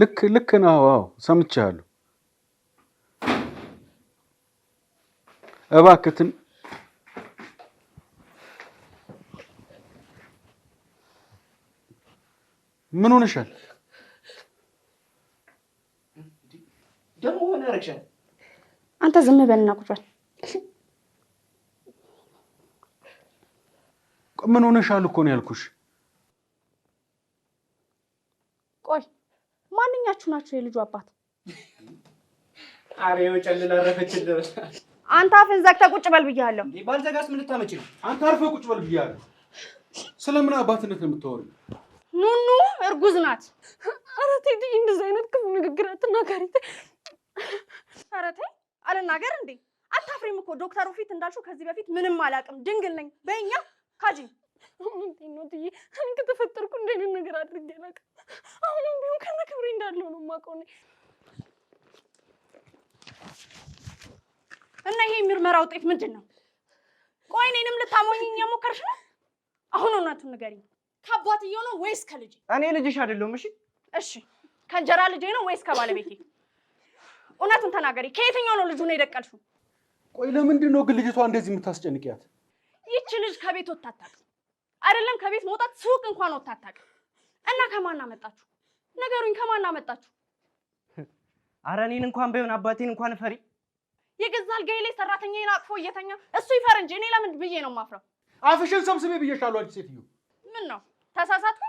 ልክ ልክ ነው። አዎ ሰምቻለሁ። እባክትን ምን ሆነሻል? ደግሞ ሆነ ያረግሻል። አንተ ዝም በልና ቁጭ በል። ምን ሆነሻል እኮ ነው ያልኩሽ። ማንኛችሁ ናቸው የልጁ አባት? አሬ ጨልላ ረፈችልህ። አንተ አፍን ዘግተህ ቁጭ በል ብያለሁ። ባልዘጋስ ምን ልታመጪ ነው? አንተ አርፈህ ቁጭ በል ብያለሁ። ስለምን አባትነት ነው የምታወሪው? ኑኑ እርጉዝ ናት። ኧረ ቴዲ እንደዚህ አይነት ክፉ ንግግር አትናገሪ። ኧረ ተይ አልናገር እንዴ? አታፍሪም እኮ ዶክተሩ ፊት እንዳልሽው ከዚህ በፊት ምንም አላውቅም ድንግል ነኝ በኛ ካጂ አሁን ነው ትዬ እኔ ከተፈጠርኩ እንደኔ ነገር አድርጌ ናቀ አሁንም ቢሆን ከነ ክብሬ እንዳለው ነው የማውቀው። እና ይሄ ምርመራ ውጤት ምንድን ነው? ቆይ እኔንም ልታሞኝኝ የሞከርሽ ነው? አሁን እውነቱን ንገሪኝ። ከአባትዬ ነው ወይስ ከልጄ? እኔ ልጅሽ አይደለሁም። እሺ፣ እሺ፣ ከእንጀራ ልጄ ነው ወይስ ከባለቤቴ? እውነቱን ተናገሪ። ከየትኛው ነው ልጁን የደቀልሽው? ቆይ ለምንድን ነው ግን ልጅቷ እንደዚህ የምታስጨንቅያት? ይቺ ልጅ ከቤት ወታታል አይደለም ከቤት መውጣት ሱቅ እንኳን ወጥታ አታውቅም። እና ከማን አመጣችሁ? ነገሩኝ፣ ከማን አመጣችሁ? አረ እኔን እንኳን ባይሆን አባቴን እንኳን ፈሪ የገዛ አልጋዬ ላይ ሰራተኛዬን አቅፎ እየተኛ እሱ ይፈር እንጂ እኔ ለምን ብዬ ነው ማፍረው? አፍሽን ሰብስቤ ብዬሻለሁ አንቺ ሴትዮ። ምን ነው ተሳሳትኩ?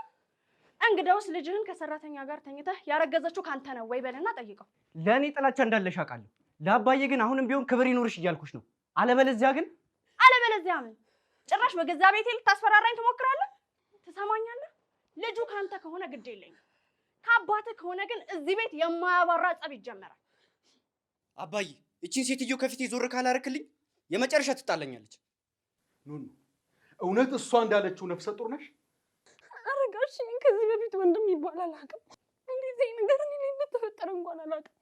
እንግዳውስ ልጅህን ከሰራተኛ ጋር ተኝተህ ያረገዘችው ካንተ ነው ወይ በልና ጠይቀው። ለእኔ ጥላቻ እንዳለሽ አውቃለሁ። ለአባዬ ግን አሁንም ቢሆን ክብር ይኑርሽ እያልኩሽ ነው። አለበለዚያ ግን አለበለዚያ ምን ጭራሽ በገዛ ቤቴ ልታስፈራራኝ ትሞክራለህ? ትሰማኛለህ? ልጁ ካንተ ከሆነ ግድ የለኝም። ከአባትህ ከሆነ ግን እዚህ ቤት የማያባራ ጸብ ይጀመራል። አባዬ፣ እቺን ሴትዮ ከፊቴ ዞር ካላረክልኝ የመጨረሻ ትጣለኛለች። ኑኑ፣ እውነት እሷ እንዳለችው ነፍሰ ጡር ነሽ? አረጋሽ፣ ከዚህ በፊት ወንድም ይባላል አቅም እንዴት ነገር እኔ ላይ እንደተፈጠረ እንኳን አላውቅም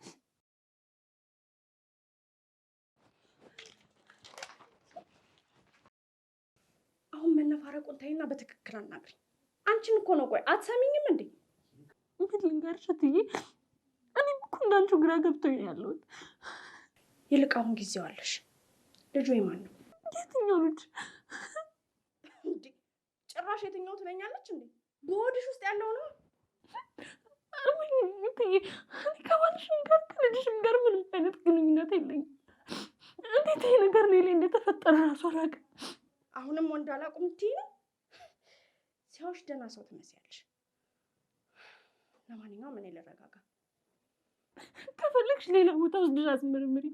አሁን መነፋረቁን ተይና በትክክል አናግሪኝ። አንቺን እኮ ነው። ቆይ አትሰሚኝም እንዴ? እንግዲህ ልንገርሽ እትዬ፣ እኔም እኮ እንዳንቺ ግራ ገብቶኝ ያለሁት። ይልቅ አሁን ጊዜው አለሽ። ልጁ የማን ነው? የትኛው ልጅ? ጭራሽ የትኛው ትለኛለች እንዴ? በወድሽ ውስጥ ያለው ነው። እትዬ፣ ከባልሽም ጋር ከልጅሽም ጋር ምንም አይነት ግንኙነት የለኝም። እንዴት ይሄ ነገር እኔ ላይ እንደተፈጠረ እራሱ አላውቅም። አሁንም ወንድ አላውቅም እትይ ነው ደህና ሰው ትመስያለሽ። ለማንኛውም እኔ ልረጋጋ። ከፈለግሽ ሌላ ቦታ ውስጥ ወስድሽ አስመርምሪ።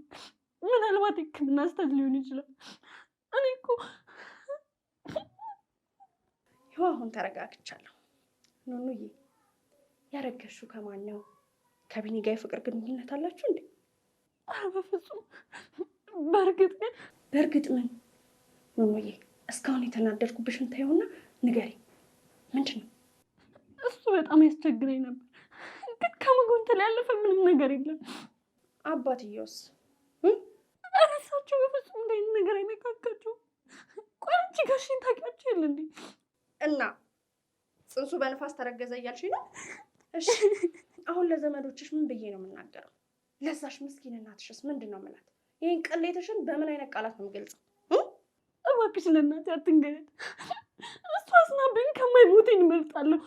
ምናልባት ሕክምና ስህተት ሊሆን ይችላል። እኔ እኮ ይኸው አሁን ተረጋግቻለሁ። ኑኑዬ ያረገሹ ከማን ነው? ከቢኒ ጋር የፍቅር ግንኙነት አላችሁ እንዴ? ኧረ በፍጹም። በእርግጥ ግን በእርግጥ ምን ኑኑዬ እስካሁን የተናደድኩብሽን ታየውና ንገሪ፣ ምንድን ነው እሱ? በጣም ያስቸግረኝ ነበር፣ ግን ከመጎንተል ምንም ነገር የለም። አባትየውስ? እሳቸው በፍጹም እንዳይነት ነገር አይነካካቸው። ቆይ ጋሽን ታውቂያቸው የለን እና ጽንሱ በንፋስ ተረገዘ እያልሽ ነው? እሺ አሁን ለዘመዶችሽ ምን ብዬ ነው የምናገረው? ለዛሽ ምስኪን እናትሽስ ምንድን ነው ምላት? ይህን ቅሌትሽን በምን አይነት ቃላት ነው የምገልጸው? እባክሽ ለእናቴ አትንገሪያት። እሷ አስናብኝ ከማይሞተኝ እመርጣለሁ።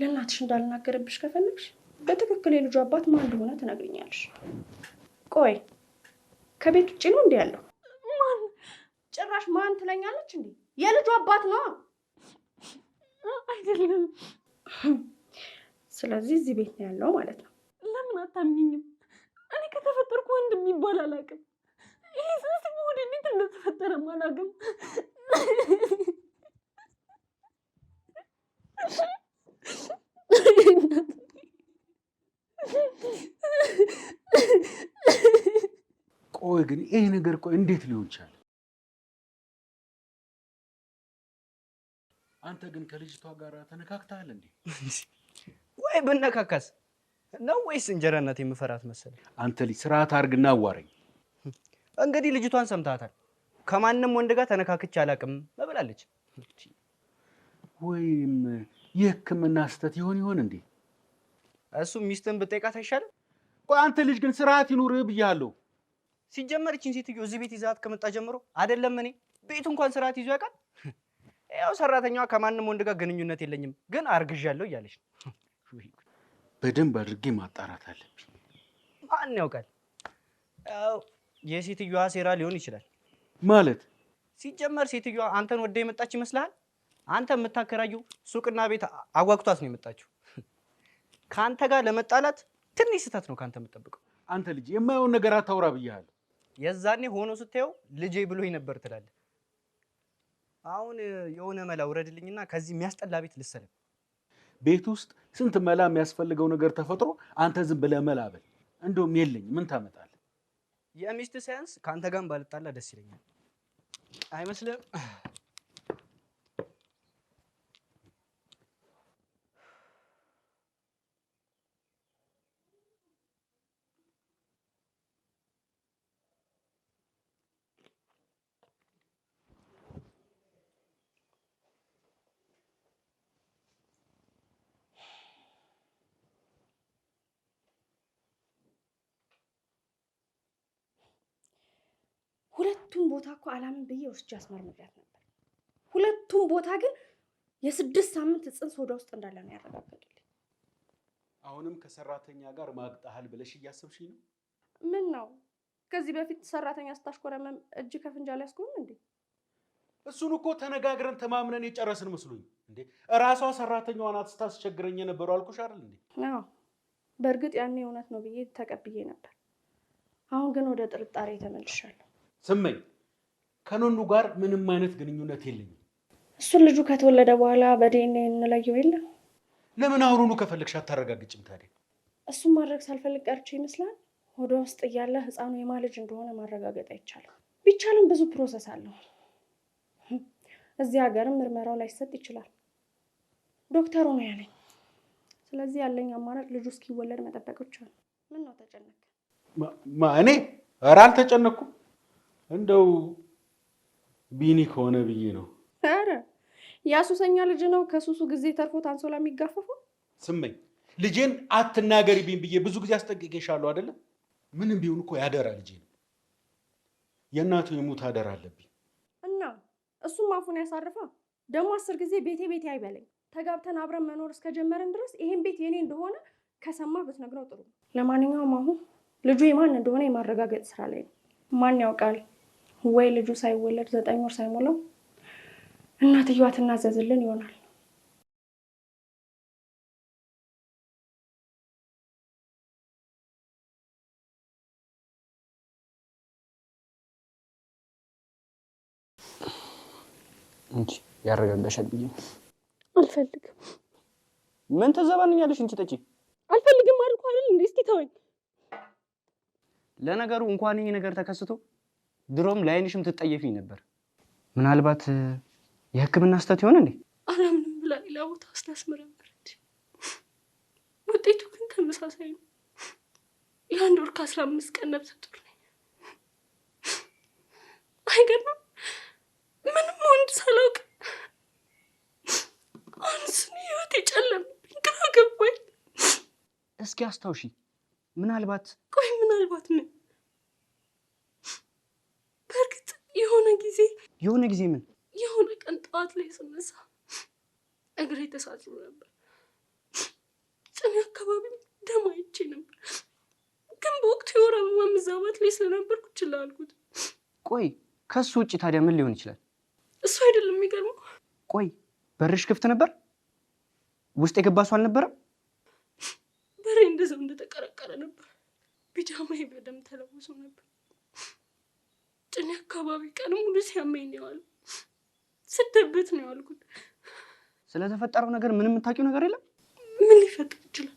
ለእናትሽ እንዳልናገርብሽ ከፈለግሽ በትክክል የልጁ አባት ማን እንደሆነ ትነግሪኛለሽ። ቆይ ከቤት ውጭ ነው እንዲህ ያለው? ማን ጭራሽ ማን ትለኛለች እንዴ? የልጁ አባት ነው አይደለም? ስለዚህ እዚህ ቤት ነው ያለው ማለት ነው። ለምን አታምኝም? እኔ ከተፈጠርኩ ወንድም የሚባል አላውቅም። ይህ አይቀርም አላውቅም። ቆይ ግን ይሄ ነገር ቆይ እንዴት ሊሆን ቻለ? አንተ ግን ከልጅቷ ጋር ተነካክተሃል እንዴ? ወይ ብነካካስ ነው ወይስ እንጀራ እናት የምፈራት መሰለህ? አንተ ልጅ ስርዓት አድርግና አዋረኝ። እንግዲህ ልጅቷን ሰምታታል። ከማንም ወንድ ጋር ተነካክቼ አላውቅም ብላለች። ወይም የህክምና ስህተት ይሆን ይሆን እንዴ? እሱ ሚስትን ብጠይቃት አይሻልም? ቆይ አንተ ልጅ ግን ስርዓት ይኑር ብያለሁ። ሲጀመር ይህችን ሴትዮ እዚህ ቤት ይዛት ከመጣ ጀምሮ አይደለም እኔ ቤቱ እንኳን ስርዓት ይዞ ያውቃል። ያው ሰራተኛዋ ከማንም ወንድ ጋር ግንኙነት የለኝም ግን አርግዣለሁ እያለች ነው። በደንብ አድርጌ ማጣራት አለብኝ። ማን ያውቃል? ያው የሴትዮዋ ሴራ ሊሆን ይችላል። ማለት ሲጀመር ሴትዮዋ አንተን ወደ የመጣች ይመስልሃል? አንተ የምታከራየው ሱቅና ቤት አጓግቷት ነው የመጣችው። ከአንተ ጋር ለመጣላት ትንሽ ስህተት ነው ከአንተ የምጠብቀው። አንተ ልጅ የማየውን ነገር አታውራ ብያለሁ። የዛኔ ሆኖ ስታየው ልጄ ብሎኝ ነበር ትላለ። አሁን የሆነ መላ ውረድልኝና ከዚህ የሚያስጠላ ቤት ልሰለም። ቤት ውስጥ ስንት መላ የሚያስፈልገው ነገር ተፈጥሮ አንተ ዝም ብለህ መላ በል። እንደውም የለኝ ምን ታመጣለህ? የሚስት ሳያንስ ከአንተ ጋር ባልጣላ ደስ ይለኛል። አይመስልም? ሁለቱም ቦታ እኮ አላምን ብዬ ወስጄ አስመርምሪያት ነበር። ሁለቱም ቦታ ግን የስድስት ሳምንት ጽንስ ሶዳ ውስጥ እንዳለ ነው ያረጋገጡልኝ። አሁንም ከሰራተኛ ጋር ማግጣሃል ብለሽ እያሰብሽኝ ነው? ምን ነው ከዚህ በፊት ሰራተኛ ስታሽኮረመም እጅ ላይ አልያዝኩም እንዴ? እሱን እኮ ተነጋግረን ተማምነን የጨረስን መስሎኝ እንዴ። እራሷ ሰራተኛዋ ናት ስታስቸግረኝ የነበሩ አልኩሽ አይደል እንዴ? በእርግጥ ያኔ እውነት ነው ብዬ ተቀብዬ ነበር። አሁን ግን ወደ ጥርጣሬ ተመልሻለሁ። ስመኝ ከኖኑ ጋር ምንም አይነት ግንኙነት የለኝም። እሱን ልጁ ከተወለደ በኋላ በዲኤንኤ እንለየው የለ። ለምን አሁኑኑ ከፈለግሽ አታረጋግጭም? ታዲያ እሱን ማድረግ ሳልፈልግ ቀርቼ ይመስላል። ሆዷ ውስጥ እያለ ህፃኑ የማ ልጅ እንደሆነ ማረጋገጥ አይቻልም። ቢቻልም ብዙ ፕሮሰስ አለው። እዚህ ሀገርም ምርመራው ላይሰጥ ይችላል። ዶክተሩ ነው ያለኝ። ስለዚህ ያለኝ አማራጭ ልጁ እስኪወለድ መጠበቅ ብቻ ነው። ምን ነው ተጨነቅ? እኔ ኧረ አልተጨነኩም። እንደው ቢኒ ከሆነ ብዬ ነው። ኧረ ያ ሱሰኛ ልጅ ነው ከሱሱ ጊዜ ተርፎ ታንሶላ የሚጋፈፈው። ስመኝ ልጄን ቢን ብዬ ብዙ ጊዜ አስጠንቅቄሻለሁ አይደለም? ምንም ቢሆን እኮ ያደራ ልጄ ነው። የእናቱ የሙት አደራ አለብኝ እና እሱም አፉን ያሳርፋ። ደግሞ አስር ጊዜ ቤቴ ቤቴ አይበለኝ። ተጋብተን አብረን መኖር እስከጀመረን ድረስ ይሄን ቤት የኔ እንደሆነ ከሰማ ብትነግረው ጥሩ። ለማንኛውም አሁን ልጁ የማን እንደሆነ የማረጋገጥ ስራ ላይ ነው። ማን ያውቃል ወይ ልጁ ሳይወለድ ዘጠኝ ወር ሳይሞላው እናትየዋ ትናዘዝልን ይሆናል። እንጂ ያረጋጋሻል ብዬ አልፈልግም። ምን ትዘባንኛለሽ? እንቺ ጠጪ አልፈልግም አልኩ አይደል እንዴ? እስኪ ተወኝ። ለነገሩ እንኳን ይሄ ነገር ተከስቶ ድሮም ለአይንሽም ትጠየፊ ነበር። ምናልባት የህክምና ስህተት ይሆን እንዴ? አላምንም ብላ ሌላ ቦታ ስታስመረመረች ውጤቱ ግን ተመሳሳይ ነው። የአንድ ወር ከአስራ አምስት ቀን ነብሰ ጡር ነኝ። አይገርምም? ምንም ወንድ ሳላውቅ አንስን ህይወት የጨለምብኝ ግራ ገባኝ። እስኪ አስታውሺ። ምናልባት ቆይ ምናልባት ምን የሆነ ጊዜ ምን የሆነ ቀን ጠዋት ላይ ስነሳ እግሬ ተሳስሮ ነበር። ጭኔ አካባቢ ደም አይቼ ነበር፣ ግን በወቅቱ የወር አበባ መዛባት ላይ ስለነበርኩ ችላ አልኩት። ቆይ ከሱ ውጭ ታዲያ ምን ሊሆን ይችላል? እሱ አይደለም የሚገርመው። ቆይ በርሽ ክፍት ነበር? ውስጥ የገባ ሰው አልነበረም? በሬ እንደዛው እንደተቀረቀረ ነበር። ቢጃማዬ በደም ተለውሶ ነበር። ጭኔ አካባቢ ቀን ሙሉ ሲያመኝ ነው ያለው። ስደብት ነው ያልኩት። ስለተፈጠረው ነገር ምንም የምታውቂው ነገር የለም? ምን ሊፈጠር ይችላል?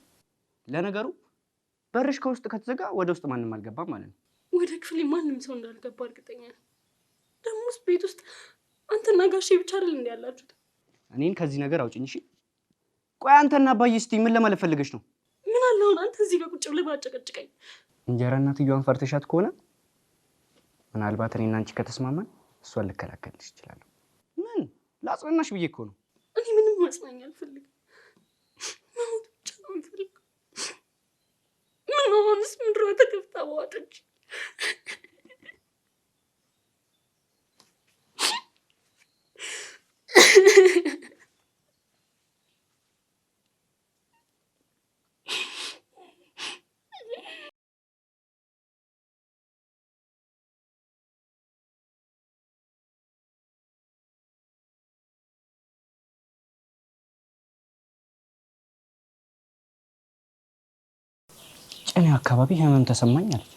ለነገሩ በርሽ ከውስጥ ከተዘጋ ወደ ውስጥ ማንም አልገባም ማለት ነው። ወደ ክፍሌ ማንም ሰው እንዳልገባ እርግጠኛ ነው። ውስጥ ቤት ውስጥ አንተና ጋሼ ብቻ አይደል እንዲ ያላችሁት? እኔን ከዚህ ነገር አውጭኝ እሺ። ቆይ አንተና አባዬ እስቲ ምን ለማለት ፈልገሽ ነው? ምን አለ አሁን አንተ እዚህ ጋር ቁጭ ብለህ ባጨቀጭቀኝ። እንጀራ እናትየዋን ፈርተሻት ከሆነ ምናልባት እኔ አንቺ ከተስማማን እሷን ልከላከልልሽ እችላለሁ። ምን ለአጽናናሽ ብዬ እኮ ነው። እኔ ምንም ማጽናኛ አልፈልግም። ምን መሆንስ ምድሯ ተከፍታ በዋጠች ቀኔ አካባቢ ህመም ተሰማኝ አለች።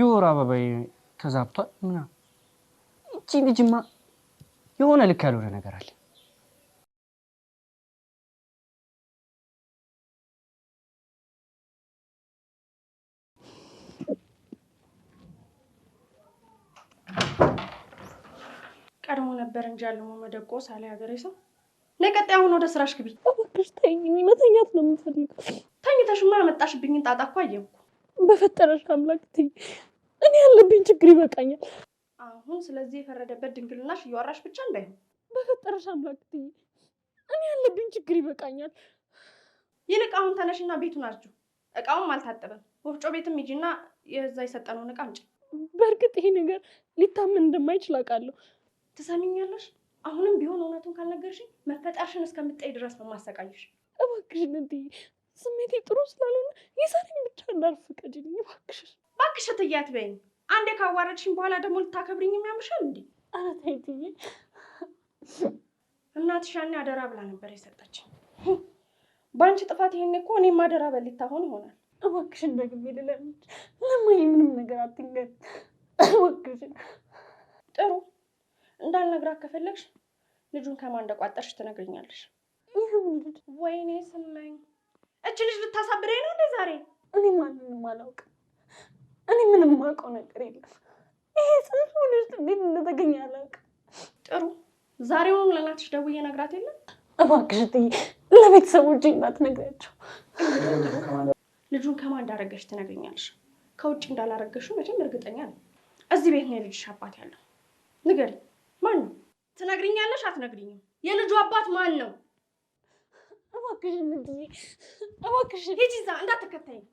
የወር አበባዬ ተዛብቷል ምናምን። እቺ ልጅማ የሆነ ልክ ያልሆነ ነገር አለ። ቀድሞ ነበር እንጂ ያለው መደቆ ሳለ ሀገሬ ሰው ለቀጣይ አሁን ወደ ስራሽ ግቢ። ተይኝ፣ መተኛት ነው የምፈልገው አንተሽማ ያመጣሽብኝን ጣጣ እኮ አየሁ። በፈጠረሽ አምላክ እኔ ያለብኝ ችግር ይበቃኛል። አሁን ስለዚህ የፈረደበት ድንግልናሽ እያወራሽ ብቻ እንዳይሆን። በፈጠረሽ አምላክ እኔ ያለብኝ ችግር ይበቃኛል። ይልቅ አሁን ተነሽና ቤቱን አርጁ። እቃውም አልታጠበም። ወፍጮ ቤትም ሂጂና የዛ የሰጠነውን እቃ አምጪ። በእርግጥ ይሄ ነገር ሊታመን እንደማይችል አውቃለሁ። ትሰሚኛለሽ? አሁንም ቢሆን እውነቱን ካልነገርሽኝ መፈጠርሽን እስከምጠይ ድረስ ነው ማሰቃየሽ። እባክሽን ስሜቴ ጥሩ ስላልሆነ የዛሬን ብቻ እንዳልፍ ፍቀጂልኝ እባክሽ። እባክሽ እትዬ አትበይኝ። አንዴ ካዋረድሽኝ በኋላ ደግሞ ልታከብርኝ የሚያምሻል እንዴ? ኧረ ተይ እትዬ። እናትሽ ያኔ አደራ ብላ ነበር የሰጠችኝ። በአንቺ ጥፋት ይሄኔ እኮ እኔም አደራ በሊታ ሆን ይሆናል። እባክሽን ደግሜ ልለምድ ለማይ ምንም ነገር አትንገድ። እባክሽን። ጥሩ እንዳልነግራት ከፈለግሽ ልጁን ከማን እንደቋጠርሽ ትነግሪኛለሽ። ይህም ልጅ ወይኔ ስመኝ እች ልጅ ልታሳብረኝ ነው እንዴ ዛሬ? እኔ ማንንም አላውቅም። እኔ ምንም ማውቀው ነገር የለም። ይሄ ጽንፍ ልጅ እንዴት እንደተገኘ አላውቅም። ጥሩ ዛሬውን ለእናትሽ ደውዬ ነግራት የለም? እባክሽ እትዬ፣ ለቤተሰቦች እንዳትነግሪያቸው። ልጁን ከማን እንዳረገሽ ትነግሪኛለሽ። ከውጭ እንዳላረገሹ መቼም እርግጠኛ ነው። እዚህ ቤት ነው የልጅሽ አባት ያለው። ንገሪ፣ ማን ነው? ትነግሪኛለሽ? አትነግሪኝም? የልጁ አባት ማን ነው? bakışını O bakışını. Hiç izah. Da takatayım.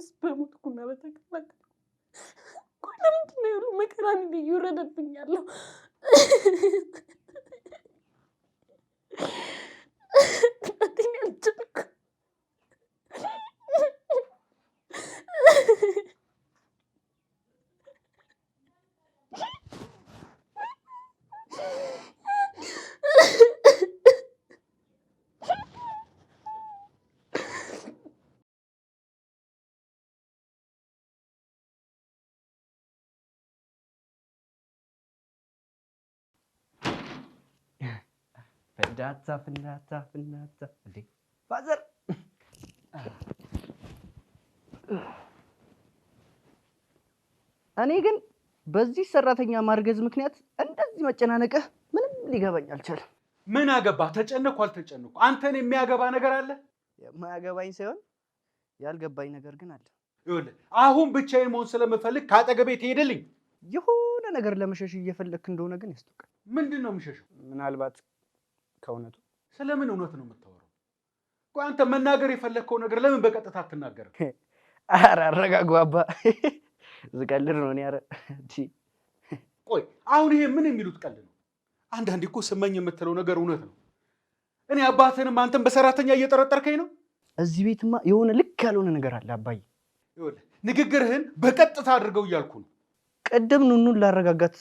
Спрямо таку навіть так. መከራን እየወረደብኛለሁ ፍንዳታ ፍንዳታ ፍንዳታ እንዴ ፋዘር እኔ ግን በዚህ ሰራተኛ ማርገዝ ምክንያት እንደዚህ መጨናነቅህ ምንም ሊገባኝ አልቻለም። ምን አገባ? ተጨነኩ አልተጨነኩ አንተን የሚያገባ ነገር አለ። የማያገባኝ ሳይሆን ያልገባኝ ነገር ግን አለ። ይኸውልህ አሁን ብቻዬን መሆን ስለምፈልግ ከአጠገቤ ትሄድልኝ። የሆነ ነገር ለመሸሽ እየፈለግክ እንደሆነ ግን ያስታውቃል። ምንድን ነው የምሸሸው? ምናልባት ከእውነቱ ስለምን እውነት ነው የምታወራው? አንተ መናገር የፈለግከው ነገር ለምን በቀጥታ አትናገርም? አረ አረጋጉ አባ፣ ዝቀልድ ነው። ኧረ ቆይ አሁን ይሄ ምን የሚሉት ቀልድ ነው? አንዳንዴ እኮ ስመኝ የምትለው ነገር እውነት ነው። እኔ አባትንም አንተን በሰራተኛ እየጠረጠርከኝ ነው። እዚህ ቤትማ የሆነ ልክ ያልሆነ ነገር አለ አባዬ። ንግግርህን በቀጥታ አድርገው እያልኩ ነው። ቅድም ኑኑን ላረጋጋት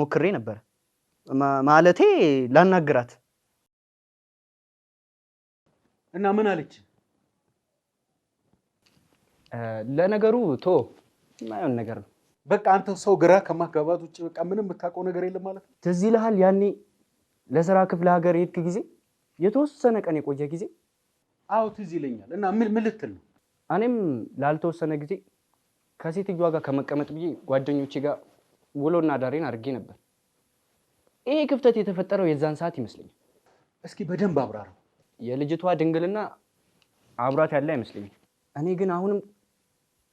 ሞክሬ ነበረ፣ ማለቴ ላናግራት እና ምን አለች? ለነገሩ ቶ ማየውን ነገር ነው። በቃ አንተ ሰው ግራ ከማጋባት ውጭ በቃ ምንም የምታውቀው ነገር የለም ማለት ነው። ትዝ ይልሃል ያኔ ለስራ ክፍለ ሀገር የሄድክ ጊዜ የተወሰነ ቀን የቆየ ጊዜ? አዎ ትዝ ይለኛል። እና ምን ምን ልትል ነው? እኔም ላልተወሰነ ጊዜ ከሴትዮዋ ጋር ከመቀመጥ ብዬ ጓደኞቼ ጋር ውሎና ዳሬን አድርጌ ነበር። ይሄ ክፍተት የተፈጠረው የዛን ሰዓት ይመስለኛል። እስኪ በደንብ አብራራው። የልጅቷ ድንግልና አብራት ያለ አይመስለኝም። እኔ ግን አሁንም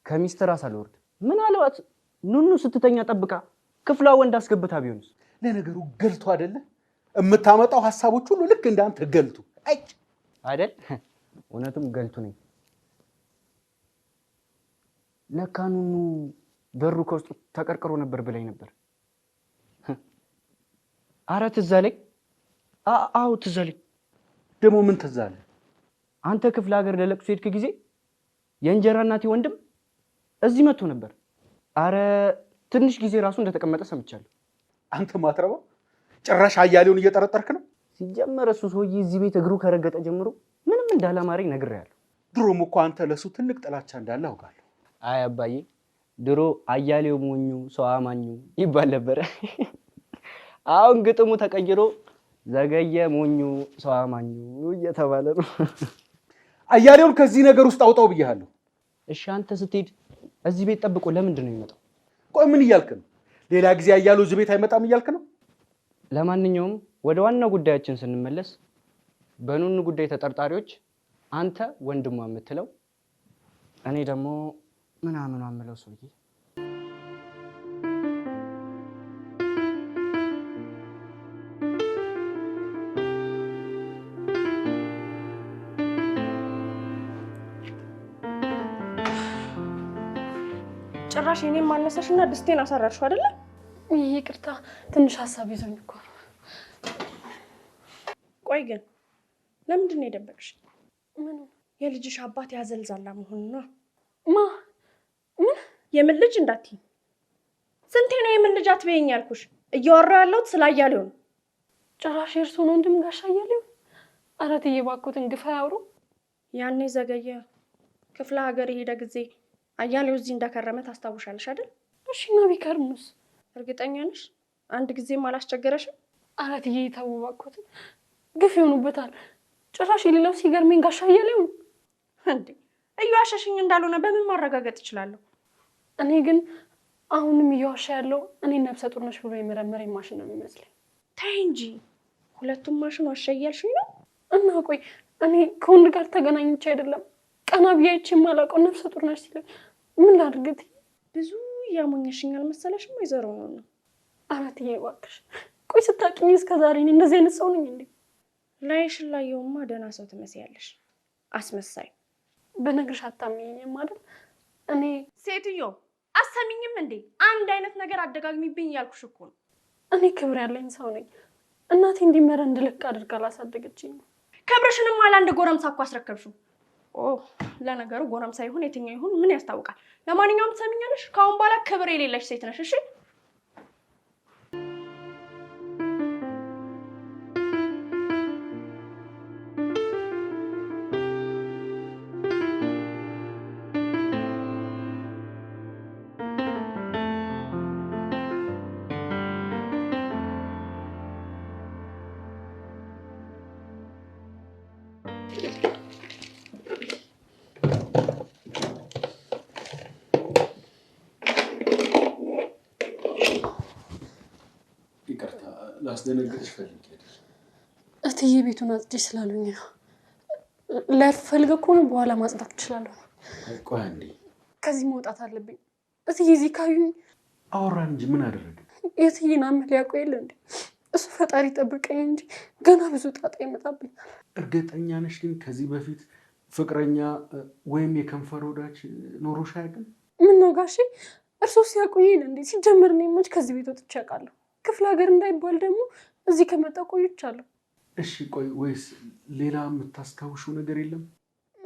ከሚስተር አሳልወርድ ምናልባት ኑኑ ስትተኛ ጠብቃ ክፍላ ወንድ አስገብታ ቢሆንስ? ለነገሩ ገልቱ አይደለ የምታመጣው ሀሳቦች ሁሉ ልክ እንዳንተ ገልቱ አይደል? እውነትም ገልቱ ነኝ። ለካ ኑኑ በሩ ከውስጥ ተቀርቅሮ ነበር ብላኝ ነበር። አረ ትዝ አለኝ። አዎ ትዝ አለኝ። ደግሞ ምን ትዝ አለ? አንተ ክፍለ ሀገር ለለቅሶ ሄድክ ጊዜ የእንጀራ እናቴ ወንድም እዚህ መጥቶ ነበር። አረ ትንሽ ጊዜ ራሱ እንደተቀመጠ ሰምቻለሁ። አንተ ማትረባ ጭራሽ አያሌውን እየጠረጠርክ ነው። ሲጀመር እሱ ሰውዬ እዚህ ቤት እግሩ ከረገጠ ጀምሮ ምንም እንዳላማረኝ ነግሬያለሁ። ድሮም እኮ አንተ ለእሱ ትልቅ ጥላቻ እንዳለ አውቃለሁ። አይ አባዬ ድሮ አያሌው ሞኙ ሰው አማኙ ይባል ነበረ። አሁን ግጥሙ ተቀይሮ ዘገየ ሞኙ ሰው አማኙ እየተባለ ነው። አያሌውን ከዚህ ነገር ውስጥ አውጣው ብያለሁ። እሺ አንተ ስትሄድ እዚህ ቤት ጠብቆ ለምንድን ነው የሚመጣው? ቆይ ምን እያልክ ነው? ሌላ ጊዜ አያሌው እዚህ ቤት አይመጣም እያልክ ነው? ለማንኛውም ወደ ዋናው ጉዳያችን ስንመለስ በኑኑ ጉዳይ ተጠርጣሪዎች አንተ ወንድሟ የምትለው እኔ ደግሞ ምናምኗ የምለው ሰውዬ ጭራሽ የኔም ማነሳሽ እና ድስቴን አሰራርሽው አይደለ? ይቅርታ ትንሽ ሀሳብ ይዞኝ እኮ። ቆይ ግን ለምንድን ነው የደበቅሽ? ምን የልጅሽ አባት ያዘልዛላ መሆኑ ነው? ማ ምን የምን ልጅ እንዳትዪ። ስንቴ ነው የምን ልጅ አትበይኝ ያልኩሽ? እያወራሁ ያለሁት ስለ አያሌው ነው። ጭራሽ የእርስዎን ወንድም ጋሽ አያሌው? ኧረ ተይ እባክዎትን፣ ግፋ ያውሩ። ያኔ ዘገየ ክፍለ ሀገር የሄደ ጊዜ አያሌው እዚህ እንዳከረመ ታስታውሻለሽ አይደል? እሺ፣ እና ቢከርሙስ? እርግጠኛ ነሽ? አንድ ጊዜም አላስቸገረሽም? አራትዬ ይሄ እባክዎት፣ ግፍ ይሆኑበታል። ጭራሽ የሌለው ሲገርመኝ ጋሻ አያሌው ነው እንዴ? እየዋሸሽኝ እንዳልሆነ በምን ማረጋገጥ እችላለሁ? እኔ ግን አሁንም እየዋሻ ያለው እኔ ነፍሰ ጡር ነሽ ብሎ የመረመረኝ ማሽን ነው የሚመስለኝ። ተይ እንጂ ሁለቱም ማሽን ዋሻ እያልሽኝ ነው? እና ቆይ እኔ ከወንድ ጋር ተገናኝቼ አይደለም ቀና ብያይቼ የማላውቀው ነፍሰ ጡር ነሽ ሲለኝ ምን ላድርግት? ብዙ እያሞኘሽኛል መሰለሽ። ወይዘሮ ነው ነው አራትዬ፣ እባክሽ ቆይ፣ ስታቂኝ እስከ ዛሬ እኔ እንደዚህ አይነት ሰው ነኝ እንዴ? ላይሽን ላየውማ ደህና ሰው ትመስያለሽ፣ አስመሳይ። በነግርሽ አታምኝም አይደል? እኔ ሴትዮ አሰሚኝም እንዴ? አንድ አይነት ነገር አደጋግሚብኝ እያልኩሽ እኮ ነው። እኔ ክብር ያለኝ ሰው ነኝ። እናቴ እንዲመረ እንድልክ አድርጋ አላሳደገችኝ። ክብርሽንም አለ አንድ ጎረምሳ እኮ አስረከብሽው። ለነገሩ ጎረምሳ ይሁን የትኛው ይሁን ምን ያስታውቃል? ለማንኛውም ትሰሚኛለሽ? ከአሁን በኋላ ክብር የሌለሽ ሴት ነሽ። እሺ ላስደነግጥሽ ፈልጌ አይደለም። እትዬ ቤቱን አጽድሽ ስላሉኝ ነው። ላይፈልግ እኮ ነው። በኋላ ማጽዳት እችላለሁ። ቆይ አንዴ ከዚህ መውጣት አለብኝ። እትዬ እዚህ ካዩኝ አወራን እንጂ ምን አደረገ? የትዬን አመል ያውቁ የለ እንዴ? እሱ ፈጣሪ ጠብቀኝ እንጂ ገና ብዙ ጣጣ ይመጣብኛል። እርግጠኛ ነሽ ግን ከዚህ በፊት ፍቅረኛ ወይም የከንፈር ወዳጅ ኖሮሽ አያውቅም? ምን ነው ጋሼ፣ እርሶ ሲያውቁኝ እንዴ? ሲጀምር እኔ መች ከዚህ ቤት ወጥቼ አውቃለሁ? ክፍለ ሀገር እንዳይባል ደግሞ እዚህ ከመጣ ቆይቻለሁ። እሺ ቆይ፣ ወይስ ሌላ የምታስታውሸው ነገር የለም?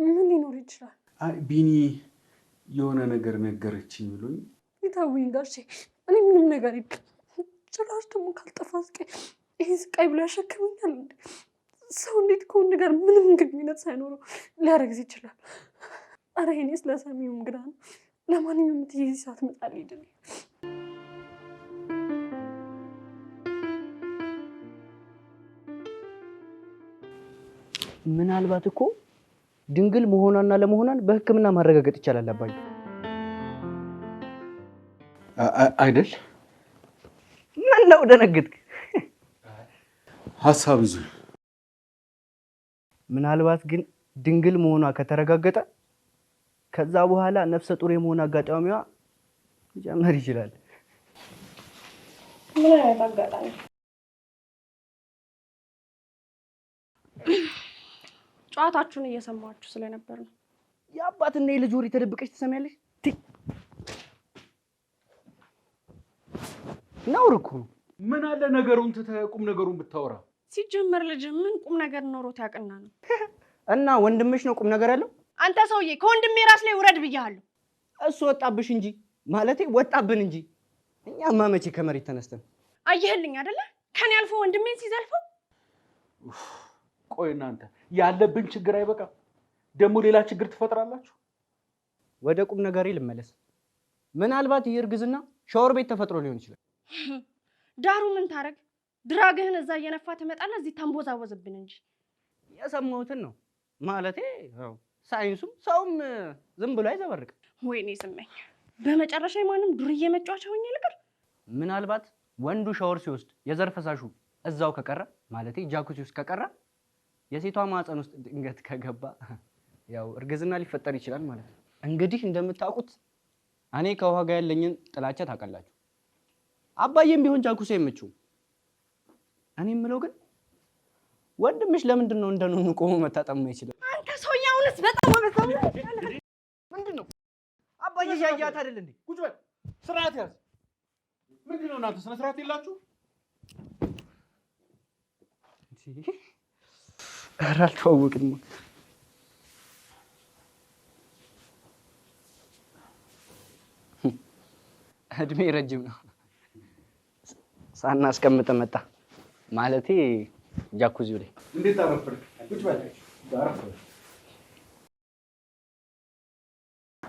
ምን ሊኖር ይችላል? አይ ቢኒ የሆነ ነገር ነገረችኝ ብሎኝ። የታውኝ ጋሼ፣ እኔ ምንም ነገር የለም። ጭራሽ ደግሞ ካልጠፋ ስቃይ፣ ይህ ስቃይ ብሎ ያሸክመኛል። ሰው እንዴት ከወንድ ጋር ምንም ግንኙነት ሳይኖረው ሊያረግዝ ይችላል? አረ ይሄኔ ስለሰሚውም ግራ ነው። ለማንኛውም ትይዚ ሰዓት መጣል ይድል ምናልባት እኮ ድንግል መሆኗና ለመሆኗን በሕክምና ማረጋገጥ ይቻላል። አባዬ አይደል? ምን ነው ደነግጥክ? ሀሳብ እዚህ ምናልባት ግን ድንግል መሆኗ ከተረጋገጠ ከዛ በኋላ ነፍሰ ጡር የመሆን አጋጣሚዋ ሊጨምር ይችላል። ምን አይነት አጋጣሚ ጨዋታችሁን እየሰማችሁ ስለነበር ነው። የአባትና የልጅ ወሬ ተደብቀች ትሰሚያለሽ? ነውር እኮ ነው። ምን አለ ነገሩን ትተህ ቁም ነገሩን ብታወራ። ሲጀመር ልጅ ምን ቁም ነገር ኖሮት ያቅና ነው? እና ወንድምሽ ነው ቁም ነገር ያለው? አንተ ሰውዬ ከወንድሜ ራስ ላይ ውረድ ብያለሁ። እሱ ወጣብሽ እንጂ ማለቴ ወጣብን እንጂ እኛማ መቼ ከመሬት ተነስተን አየህልኝ አይደለ? ከኔ አልፎ ወንድሜን ሲዘልፈው። ቆይ እናንተ ያለብን ችግር አይበቃም? ደግሞ ሌላ ችግር ትፈጥራላችሁ። ወደ ቁም ነገሬ ልመለስ። ምናልባት ይህ እርግዝና ሻወር ቤት ተፈጥሮ ሊሆን ይችላል። ዳሩ ምን ታረግ፣ ድራግህን እዛ እየነፋ ትመጣለህ፣ እዚህ ታንቦዛወዝብን እንጂ። የሰማሁትን ነው ማለቴ፣ ሳይንሱም ሰውም ዝም ብሎ አይዘበርቅም። ወይኔ ስመኝ፣ በመጨረሻ ማንም ዱርዬ መጫወቻ ሆኜ ልቅር። ምናልባት ወንዱ ሻወር ሲወስድ የዘር ፈሳሹ እዛው ከቀረ ማለቴ ጃኩሲ ውስጥ ከቀረ የሴቷ ማህፀን ውስጥ ድንገት ከገባ ያው እርግዝና ሊፈጠር ይችላል ማለት ነው። እንግዲህ እንደምታውቁት እኔ ከውሃ ጋር ያለኝን ጥላቻ ታውቃላችሁ። አባዬም ቢሆን ጃኩሴ የምችው እኔ የምለው ግን ወንድምሽ ለምንድን ነው እንደ ኑኑ ቆሞ መታጠም አይችልም? አንተ ሰውዬ አሁንስ በጣም ወበዛው። ምንድን ነው አባዬ ያያት አይደል እንዴ? ቁጭ በል ስርዓት ያዝ። ምንድን ነው እናንተ ስነ ስርዓት የላችሁ ኧረ አልተዋወቅንም። እድሜ ረጅም ነው። ሳናስቀምጥ መጣ ማለቴ ጃኩዚው ላይ እንዴት አረፈድክ? ቁጭ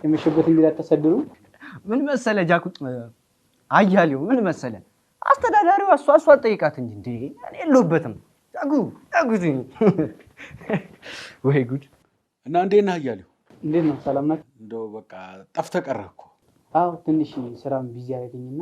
የምሽበት እንግዲህ ምን መሰለ ጃኩ አያሌው ምን መሰለ አስተዳዳሪው እሷ እሷ ጠይቃት እንጂ እንዴ እኔ የለሁበትም ጠጉ ጠጉኝ ወይ ጉድ! እና እንዴት ነህ እያለሁ እንዴት ነው ሰላም ናት። እንደው በቃ ጠፍተህ ቀረህ እኮ። አዎ ትንሽ ስራም ቢዚ አደረገኝና